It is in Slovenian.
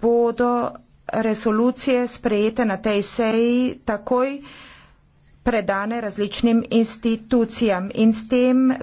bodo resolucije sprejete na tej seji takoj predane različnim institucijam in s tem